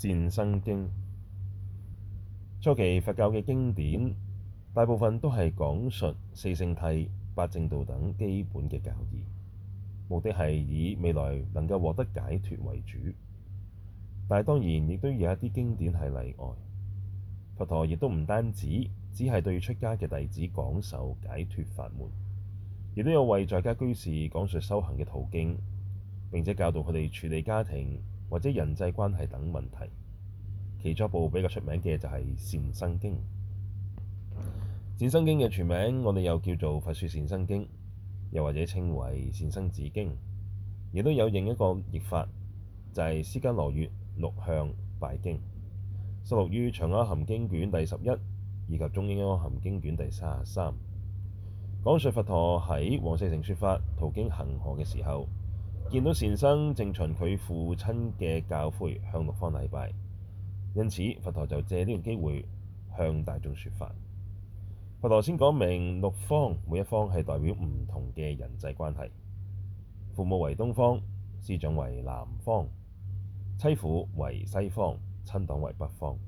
善生經初期佛教嘅經典，大部分都係講述四聖諦、八正道等基本嘅教義，目的係以未來能夠獲得解脱為主。但係當然亦都有一啲經典係例外。佛陀亦都唔單止，只係對出家嘅弟子講授解脱法門，亦都有為在家居士講述修行嘅途徑，並且教導佢哋處理家庭，或者人際關係等問題，其中一部比較出名嘅就係《善生經》。《善生經》嘅全名，我哋又叫做《佛説善生經》，又或者稱為《善生子經》，亦都有另一個譯法，就係、是《尸迦羅越六向拜經》，收錄於《長阿含經卷》第十一，以及《中英阿含經卷》第三十三，講述佛陀喺王舍城說法途經恒河嘅時候。見到善生正循佢父親嘅教誨向六方禮拜，因此佛陀就借呢個機會向大眾説法。佛陀先講明六方，每一方係代表唔同嘅人際關係。父母為東方，師長為南方，妻婦為西方，親黨為北方，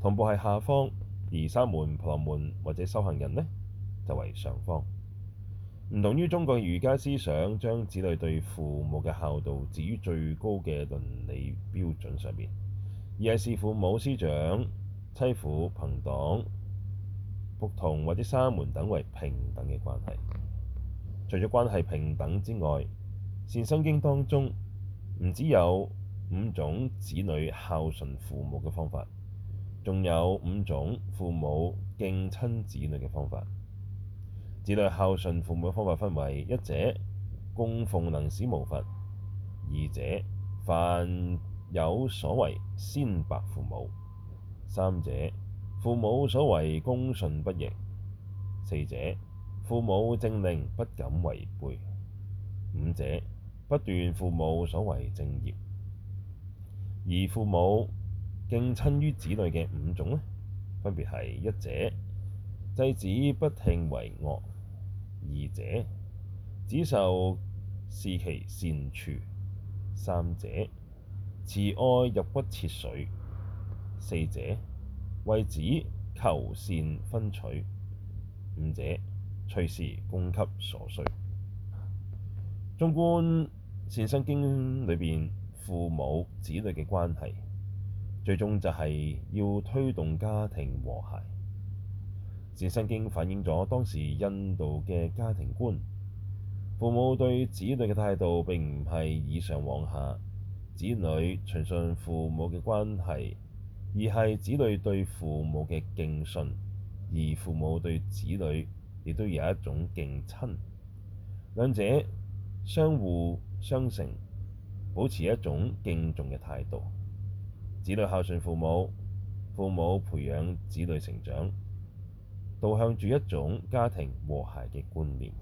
僮僕係下方，而三門婆羅門或者修行人呢，就為上方。唔同於中國儒家思想，將子女對父母嘅孝道置於最高嘅倫理標準上面。而係視父母師長、妻婦、朋黨、僕僮或者沙門等為平等嘅關係。除咗關係平等之外，《善生經》當中唔只有五種子女孝順父母嘅方法，仲有五種父母敬親子女嘅方法。子女孝順父母嘅方法分為，一者，供奉能使無乏；二者，凡有所為先白父母；三者，父母所為恭順不逆；四者，父母正令不敢違背；五者，不斷父母所為正業。而父母敬親於子女嘅五種咧，分別係，一者，制子不聽為惡。二者，指授示其善處；三者，慈愛入骨徹髓；四者，為子求善婚娶；五者，隨時供給所需。綜觀《善生經》裏邊父母子女嘅關係，最終就係要推動家庭和諧。《善生經》反映咗當時印度嘅家庭觀，父母對子女嘅態度並唔係以上往下，子女循順父母嘅關係，而係子女對父母嘅敬順，而父母對子女亦都有一種敬親，兩者相互相成，保持一種敬重嘅態度。子女孝順父母，父母培養子女成長。導向住一種家庭和諧嘅觀念。